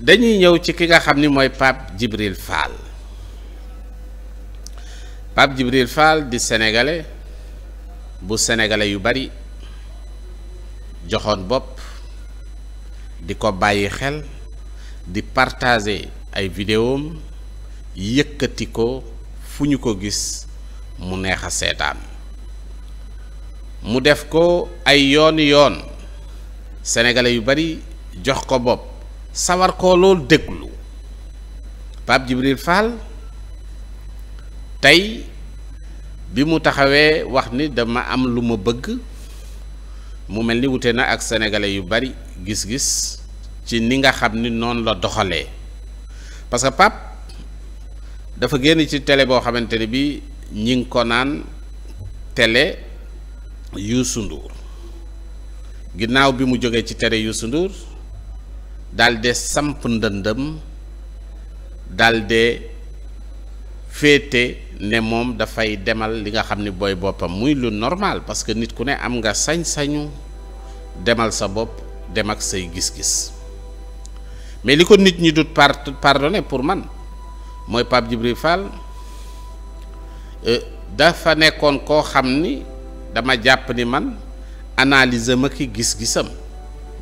dañuy ñëw ci ki nga xam ni mooy Pape Djibril Fall Pape Djibril Fall di sénégalais bu sénégalais yu bari joxoon bopp di ko bàyyi xel di partager ay vidéom yëkkati ko fu ñu ko gis mu neex a seetaan mu def ko ay yoon yoon sénégalais yu bari jox ko bopp sawar koo lool déglu Pape Djibril Fall tey bi mu taxawee wax ni dama am lu ma bëgg mu mel ni wute na ak sénégalais yu bari gis-gis ci ni nga xam ni noonu la doxalee parce que Pape dafa génn ci télé boo xamante ni bi ñi ngi ko naan tele Youssou Ndour ginnaaw bi mu jógee ci télé yu Ndour dalde samp ndëndëm dalde féete ne moom dafay demal li nga xam ni booy boppam muy lu normal parce que nit ku ne am nga sañ-sañu demal sa bopp dem ak say gis-gis mais li ko nit ñi dut par pardonné pour man mooy Pape Djibril Fall euh, dafa nekkoon koo xam ni dama jàpp ni man analyse ma ki gis-gisam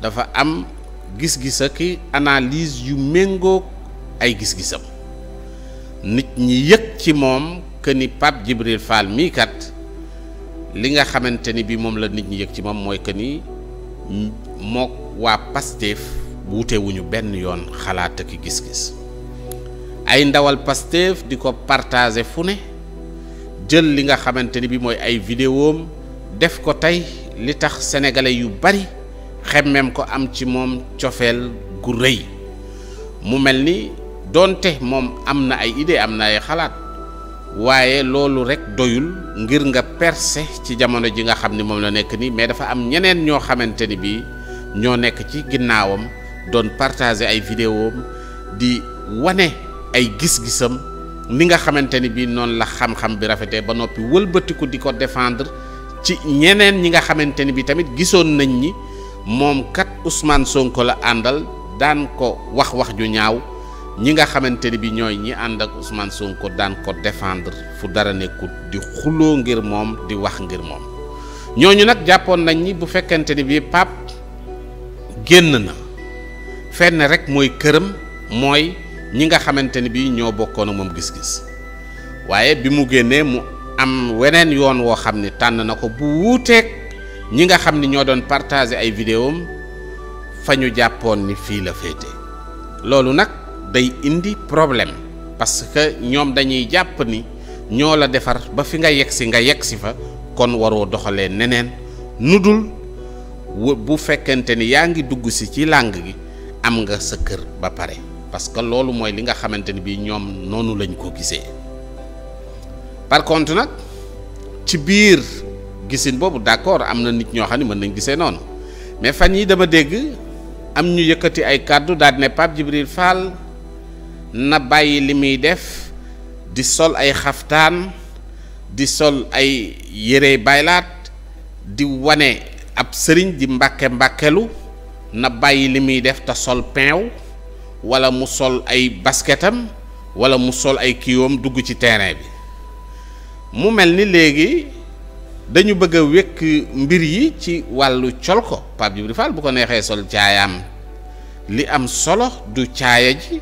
dafa am gis-gis ak analyse yu méngoo ay gis-gisam nit ñi yëg ci moom que ni Pape Djibril Fall mii kat li nga xamante ni bi moom la nit ñi yëg ci moom mooy que ni mook waa Pastef wuute benn yoon xalaat ak gis-gis ay ndawal Pastef di ko partager fu ne jël li nga xamante ni bi mooy ay vidéom def ko tey li tax sénégalais yu bari xemmem ko am ci moom cofeel gu rëy mu mel ni doonte moom am na ay idée am na ay xalaat waaye loolu rek doyul ngir nga percer ci jamono ji nga xam ni moom la nekk nii mais dafa am ñeneen ñoo xamante ni bii ñoo nekk ci ginnaawam doon partager ay vidéom di wane ay gis-gisam ni nga xamante ni bii noonu la xam-xam bi rafetee ba noppi wëlbatiku di ko défendre ci ñeneen ñi nga xamante ni bii tamit gisoon nañ ñi moom kat Ousmane Sonko la àndal daan ko wax wax ju ñaaw ñi nga xamante ni bi ñooy ñi ànd ak Ousmane Sonko daan ko défendre fu dara nekkut di xuloo ngir moom di wax ngir moom ñooñu nag jàppoon nañ ni bu fekkente ni bi pàpp génn na fenn rek mooy këram mooy ñi nga xamante ni bi ñoo bokkoon ak moom gis-gis waaye bi mu génnee mu am weneen yoon woo xam ne tànn na ko bu wuuteeg ñi nga xam ni ñoo doon partager ay vidéom fa ñu jàppoon ni fii la féete loolu nag day indi problème parce que ñoom dañuy jàpp ni ñoo la defar ba fi nga yegg si nga yegg si fa kon waroo doxalee neneen nu dul bu fekkente ni yaa ngi dugg si ci làng gi am nga sa kër ba pare parce que loolu mooy li nga xamante ni bii ñoom noonu lañ ko gisee par contre nag ci biir gisin boobu d'accord am na nit ñoo xam ne mën nañ gisee noonu mais fan yi dama dégg am ñu yëkkati ay kàddu daal ne Pape Djibril Fall na bàyyi li muy def di sol ay xaftaan di sol ay yére baylaat di wane ab sëriñ di mbàkke mbàkkelu na bàyyi li muy def te sol peew wala mu sol ay basketam wala mu sol ay kiiwam dugg ci terrain bi mu mel ni léegi dañu bëgg a wekk mbir yi ci wàllu col ko Pape Djibril Fall bu ko neexee sol caayaam li am solo du caaya ji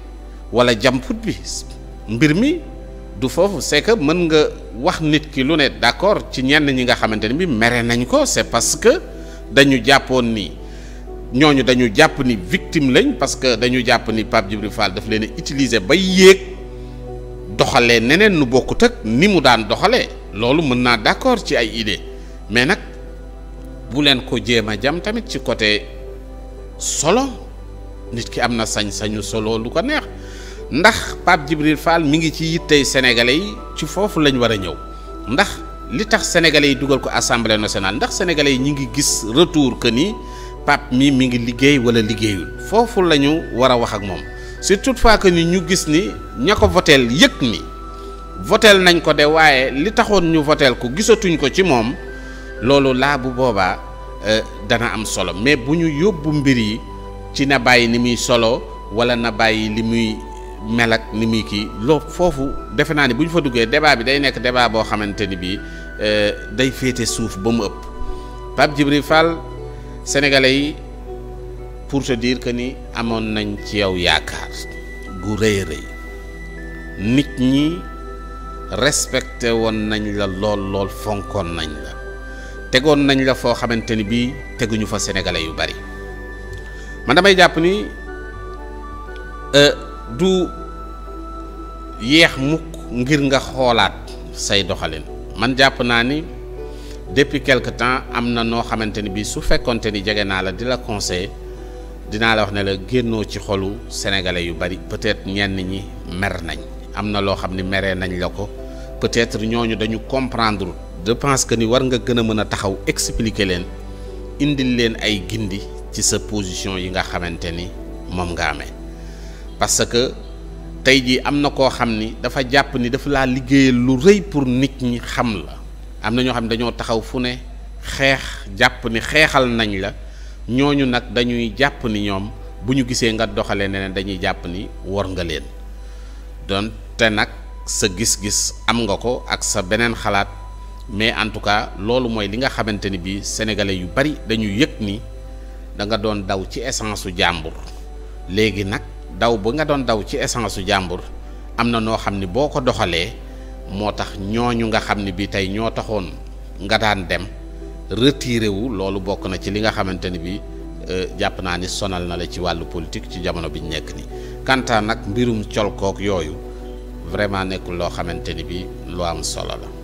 wala jamput bi mbir mi du foofu c'est mën nga wax nit ki lu ne d'accord ci ñenn ñi nga xamante ni bi mere nañ ko c'est parce que dañu jàppoon ni ñooñu dañu jàpp ni victime lañ parce que dañu jàpp ni Pape Djibril Fall daf leen a utiliser ba yéeg doxalee neneen nu bokkut ak ni mu daan doxalee loolu mën naa d'accord ci ay idée mais nag bu leen ko jéem a jam tamit ci côté solo nit ki am na sañ-sañu solo lu ko neex ndax Pape Djibril Fall mi ngi ci yittey sénégalais yi ci foofu lañ war a ñëw ndax li tax sénégalais yi dugal ko assemblée nationale ndax sénégalais yi ñu ngi gis retour que ni Pape mi mi ngi liggéey wala liggéeyul foofu la ñu war a wax ak moom si toutefois que ni ñu gis ni ña ko voteel yëg ni. voteel nañ ko de waaye li taxoon ñu voteel ko gisatuñ ko ci moom loolu laa bu boobaa euh, dana am solo mais bu ñu yóbbu mbir yi ci na bàyyi ni muy solo wala na bàyyi li muy mel ak ni muy kii loo foofu defe naa ne bu ñu fa duggee débat bi day nekk débat boo xamante ni bii euh, day féete suuf ba mu ëpp Pape Djibril Fall sénégalais yi pour te diir que ni amoon nañ ci yow yaakaar gu rëy rëy nit ñi. respecté woon nañ la lool lool fonkoon nañ la tegoon nañ la foo xamante ni bii teguñu fa sénégalais yu bari man damay jàpp ni euh, du yeex mukk ngir nga xoolaat say doxalin man jàpp naa ni depuis quelque temps am na noo xamante ni bii su fekkoonte ni jege naa la di la conseiller dinaa la wax ne la génnoo ci xolu sénégalais yu bari peut-être ñenn ñi mer nañ am na loo xam ni meree nañ la ko peut-être ñooñu dañu comprendre je pense que ni war nga gën a mën a taxaw expliquer leen indil leen ay gindi ci sa position yi nga xamante ni moom nga amee parce que tey jii am na koo xam ni dafa jàpp ni dafa laa liggéeyal lu rëy pour nit ñi xam la am na ñoo xam ne dañoo taxaw fu ne xeex jàpp ni xeexal nañ la ñooñu nag dañuy jàpp ni ñoom bu ñu gisee nga doxalee neneen dañuy jàpp ni war nga leen doon te nag sa gis-gis am nga ko ak sa beneen xalaat mais en tout cas loolu mooy li nga xamante ni bii sénégalais yu bari dañu yëg ni da nga doon daw ci essence su jàmbur léegi nag daw ba nga doon daw ci essence su jàmbur am na noo xam ni boo ko doxalee moo tax ñooñu nga xam ni bii tey ñoo taxoon nga daan dem retiré wu loolu bokk na ci li nga xamante ni bii. Euh, jàpp naa ni sonal na la ci wàllu politique ci jamono bi ñu nekk ni kantaa nag mbirum colkook yooyu vraiment nekkul loo xamante ni bi lu am solo la